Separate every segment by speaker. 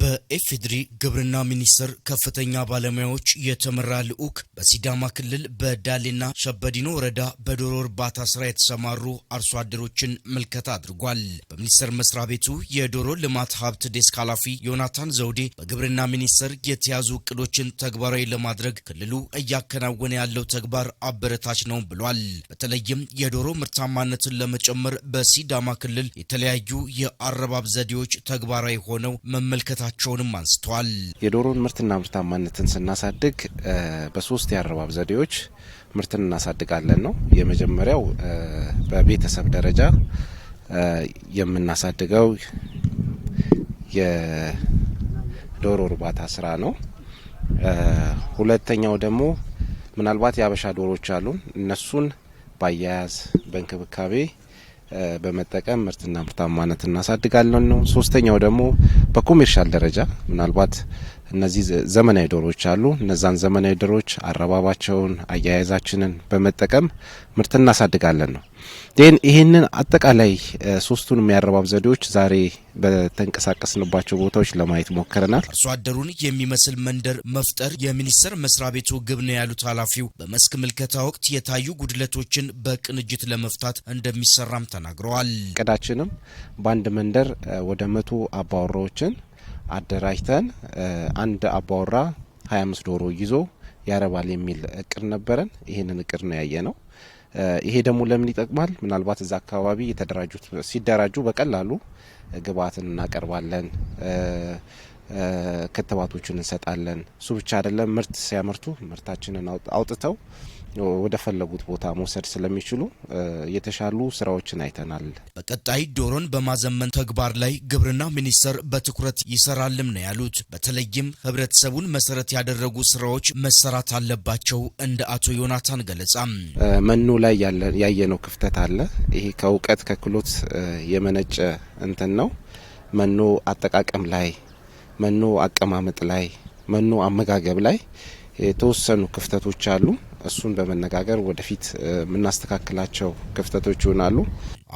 Speaker 1: በኤፌድሪ ግብርና ሚኒስቴር ከፍተኛ ባለሙያዎች የተመራ ልዑክ በሲዳማ ክልል በዳሌና ሸበዲኖ ወረዳ በዶሮ እርባታ ስራ የተሰማሩ አርሶ አደሮችን ምልከታ አድርጓል። በሚኒስቴር መስሪያ ቤቱ የዶሮ ልማት ሀብት ዴስክ ኃላፊ ዮናታን ዘውዴ በግብርና ሚኒስቴር የተያዙ እቅዶችን ተግባራዊ ለማድረግ ክልሉ እያከናወነ ያለው ተግባር አበረታች ነው ብሏል። በተለይም የዶሮ ምርታማነትን ለመጨመር በሲዳማ ክልል የተለያዩ የአረባብ ዘዴዎች ተግባራዊ ሆነው መመልከት ማበረከታቸውንም አንስተዋል።
Speaker 2: የዶሮን ምርትና ምርታማነትን ስናሳድግ በሶስት የአረባብ ዘዴዎች ምርትን እናሳድጋለን ነው። የመጀመሪያው በቤተሰብ ደረጃ የምናሳድገው የዶሮ እርባታ ስራ ነው። ሁለተኛው ደግሞ ምናልባት የአበሻ ዶሮዎች አሉን። እነሱን ባያያዝ በእንክብካቤ በመጠቀም ምርትና ምርታማነት እናሳድጋለን ነው። ሶስተኛው ደግሞ በኮሜርሻል ደረጃ ምናልባት እነዚህ ዘመናዊ ዶሮዎች አሉ። እነዛን ዘመናዊ ዶሮዎች አረባባቸውን፣ አያያዛችንን በመጠቀም ምርት እናሳድጋለን ነው። ይህንን አጠቃላይ ሶስቱን የሚያረባብ ዘዴዎች ዛሬ በተንቀሳቀስንባቸው ቦታዎች ለማየት ሞክረናል።
Speaker 1: አርሶ አደሩን የሚመስል መንደር መፍጠር የሚኒስቴር መስሪያ ቤቱ ግብ ነው ያሉት ኃላፊው በመስክ ምልከታ ወቅት የታዩ ጉድለቶችን በቅንጅት ለመፍታት እንደሚሰራም ተናግረዋል።
Speaker 2: እቅዳችንም በአንድ መንደር ወደ መቶ አባወራዎችን አደራጅተን አንድ አባወራ አምስት ዶሮ ይዞ ያረባል የሚል እቅድ ነበረን። ይህንን እቅድ ነው ያየ ነው። ይሄ ደግሞ ለምን ይጠቅማል? ምናልባት እዛ አካባቢ የተደራጁት ሲደራጁ በቀላሉ ግብአትን እናቀርባለን። ክትባቶቹን እንሰጣለን። እሱ ብቻ አይደለም፣ ምርት ሲያመርቱ ምርታችንን አውጥተው ወደ ፈለጉት ቦታ መውሰድ ስለሚችሉ የተሻሉ ስራዎችን አይተናል።
Speaker 1: በቀጣይ ዶሮን በማዘመን ተግባር ላይ ግብርና ሚኒስቴር በትኩረት ይሰራልም ነው ያሉት። በተለይም ህብረተሰቡን መሰረት ያደረጉ ስራዎች መሰራት አለባቸው። እንደ አቶ ዮናታን ገለጻ
Speaker 2: መኖ ላይ ያየነው ክፍተት አለ። ይሄ ከእውቀት ከክሎት የመነጨ እንትን ነው። መኖ አጠቃቀም ላይ መኖ አቀማመጥ ላይ፣ መኖ አመጋገብ ላይ የተወሰኑ ክፍተቶች አሉ። እሱን በመነጋገር ወደፊት የምናስተካክላቸው ክፍተቶች ይሆናሉ።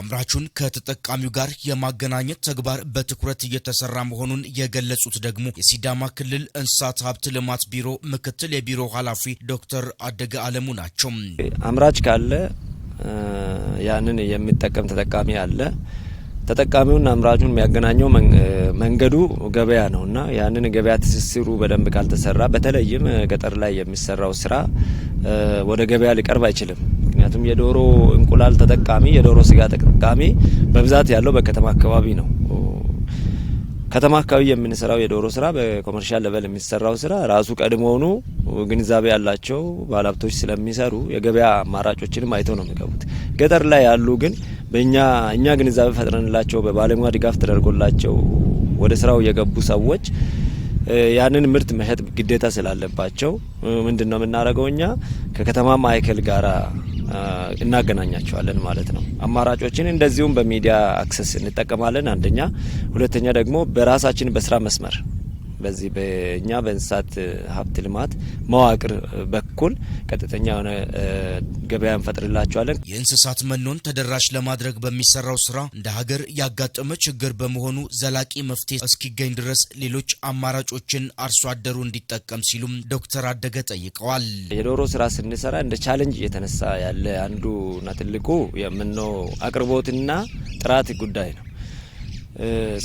Speaker 1: አምራቹን ከተጠቃሚው ጋር የማገናኘት ተግባር በትኩረት እየተሰራ መሆኑን የገለጹት ደግሞ የሲዳማ ክልል እንስሳት ሀብት ልማት ቢሮ ምክትል የቢሮ ኃላፊ ዶክተር አደገ አለሙ ናቸው።
Speaker 2: አምራች ካለ ያንን የሚጠቀም ተጠቃሚ አለ። ተጠቃሚውን አምራቹን የሚያገናኘው መንገዱ ገበያ ነው እና ያንን ገበያ ትስስሩ በደንብ ካልተሰራ በተለይም ገጠር ላይ የሚሰራው ስራ ወደ ገበያ ሊቀርብ አይችልም። ምክንያቱም የዶሮ እንቁላል ተጠቃሚ፣ የዶሮ ስጋ ተጠቃሚ በብዛት ያለው በከተማ አካባቢ ነው። ከተማ አካባቢ የምንሰራው የዶሮ ስራ በኮመርሻል ለበል የሚሰራው ስራ ራሱ ቀድሞውኑ ግንዛቤ ያላቸው ባለሀብቶች ስለሚሰሩ የገበያ አማራጮችንም አይተው ነው የሚገቡት። ገጠር ላይ ያሉ ግን በእኛ እኛ ግንዛቤ ፈጥረንላቸው በባለሙያ ድጋፍ ተደርጎላቸው ወደ ስራው የገቡ ሰዎች ያንን ምርት መሸጥ ግዴታ ስላለባቸው ምንድን ነው የምናደርገው? እኛ ከከተማ ማዕከል ጋር እናገናኛቸዋለን ማለት ነው። አማራጮችን እንደዚሁም በሚዲያ አክሰስ እንጠቀማለን አንደኛ፣ ሁለተኛ ደግሞ በራሳችን በስራ መስመር በዚህ በእኛ በእንስሳት ሀብት ልማት መዋቅር በኩል ቀጥተኛ የሆነ ገበያ እንፈጥርላቸዋለን።
Speaker 1: የእንስሳት መኖን ተደራሽ ለማድረግ በሚሰራው ስራ እንደ ሀገር ያጋጠመ ችግር በመሆኑ ዘላቂ መፍትሄ እስኪገኝ ድረስ ሌሎች አማራጮችን አርሶ አደሩ እንዲጠቀም ሲሉም ዶክተር አደገ ጠይቀዋል።
Speaker 2: የዶሮ ስራ ስንሰራ እንደ ቻለንጅ እየተነሳ ያለ አንዱና ትልቁ የመኖ አቅርቦትና ጥራት ጉዳይ ነው።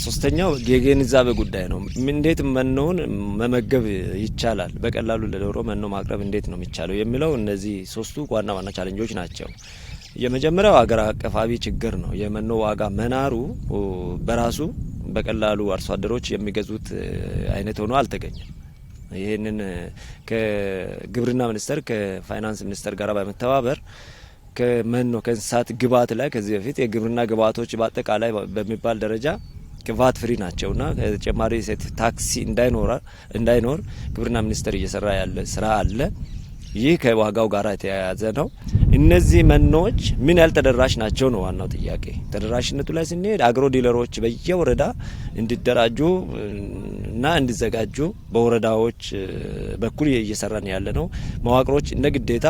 Speaker 2: ሶስተኛው የግንዛቤ ጉዳይ ነው። እንዴት መኖውን መመገብ ይቻላል፣ በቀላሉ ለዶሮ መኖ ማቅረብ እንዴት ነው የሚቻለው የሚለው እነዚህ ሶስቱ ዋና ዋና ቻለንጆች ናቸው። የመጀመሪያው አገር አቀፋዊ ችግር ነው። የመኖ ዋጋ መናሩ በራሱ በቀላሉ አርሶ አደሮች የሚገዙት አይነት ሆኖ አልተገኘም። ይህንን ከግብርና ሚኒስቴር ከፋይናንስ ሚኒስቴር ጋር በመተባበር ከመኖ ከእንስሳት ግብዓት ላይ ከዚህ በፊት የግብርና ግብዓቶች በአጠቃላይ በሚባል ደረጃ ቫት ፍሪ እና ተጨማሪ ሴት ታክሲ እንዳይኖር ግብርና ሚኒስቴር እየሰራ ያለ ስራ አለ። ይህ ከዋጋው ጋር የተያያዘ ነው። እነዚህ መኖዎች ምን ያህል ተደራሽ ናቸው ነው ዋናው ጥያቄ። ተደራሽነቱ ላይ ስንሄድ አግሮ ዲለሮች በየወረዳ እንዲደራጁ እና እንዲዘጋጁ በወረዳዎች በኩል እየሰራን ያለ ነው። መዋቅሮች እንደ ግዴታ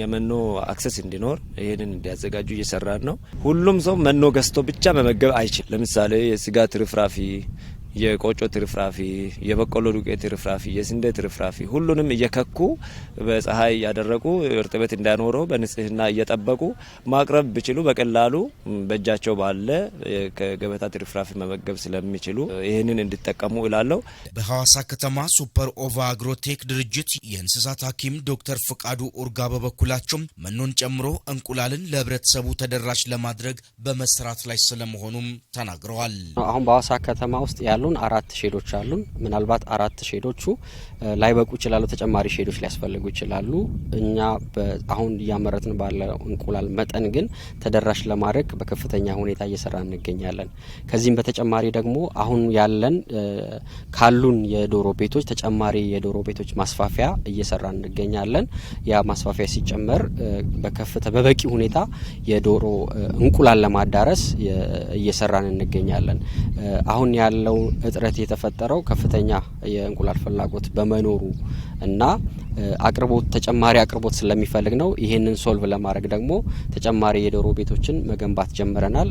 Speaker 2: የመኖ አክሰስ እንዲኖር ይህንን እንዲያዘጋጁ እየሰራን ነው። ሁሉም ሰው መኖ ገዝቶ ብቻ መመገብ አይችል። ለምሳሌ የስጋ ትርፍራፊ የቆጮ ትርፍራፊ፣ የበቆሎ ዱቄት ትርፍራፊ፣ የስንዴ ትርፍራፊ ሁሉንም እየከኩ በፀሐይ እያደረቁ እርጥበት እንዳይኖረው በንጽህና እየጠበቁ ማቅረብ ቢችሉ በቀላሉ በእጃቸው ባለ ከገበታ ትርፍራፊ መመገብ ስለሚችሉ ይህንን እንዲጠቀሙ እላለሁ።
Speaker 1: በሐዋሳ ከተማ ሱፐር ኦቫ አግሮቴክ ድርጅት የእንስሳት ሐኪም ዶክተር ፍቃዱ ኡርጋ በበኩላቸው መኖን ጨምሮ እንቁላልን ለህብረተሰቡ ተደራሽ ለማድረግ በመስራት ላይ ስለመሆኑም ተናግረዋል።
Speaker 2: አሁን በሐዋሳ ከተማ ውስጥ ያሉ አሉን፣ አራት ሼዶች አሉን። ምናልባት አራት ሼዶቹ ላይበቁ ይችላሉ፣ ተጨማሪ ሼዶች ሊያስፈልጉ ይችላሉ። እኛ አሁን እያመረትን ባለው እንቁላል መጠን ግን ተደራሽ ለማድረግ በከፍተኛ ሁኔታ እየሰራ እንገኛለን። ከዚህም በተጨማሪ ደግሞ አሁን ያለን ካሉን የዶሮ ቤቶች ተጨማሪ የዶሮ ቤቶች ማስፋፊያ እየሰራ እንገኛለን። ያ ማስፋፊያ ሲጨመር በከፍተ በበቂ ሁኔታ የዶሮ እንቁላል ለማዳረስ እየሰራን እንገኛለን። አሁን ያለው እጥረት የተፈጠረው ከፍተኛ የእንቁላል ፍላጎት በመኖሩ እና አቅርቦት ተጨማሪ አቅርቦት ስለሚፈልግ ነው። ይህንን ሶልቭ ለማድረግ ደግሞ ተጨማሪ የዶሮ ቤቶችን መገንባት ጀምረናል።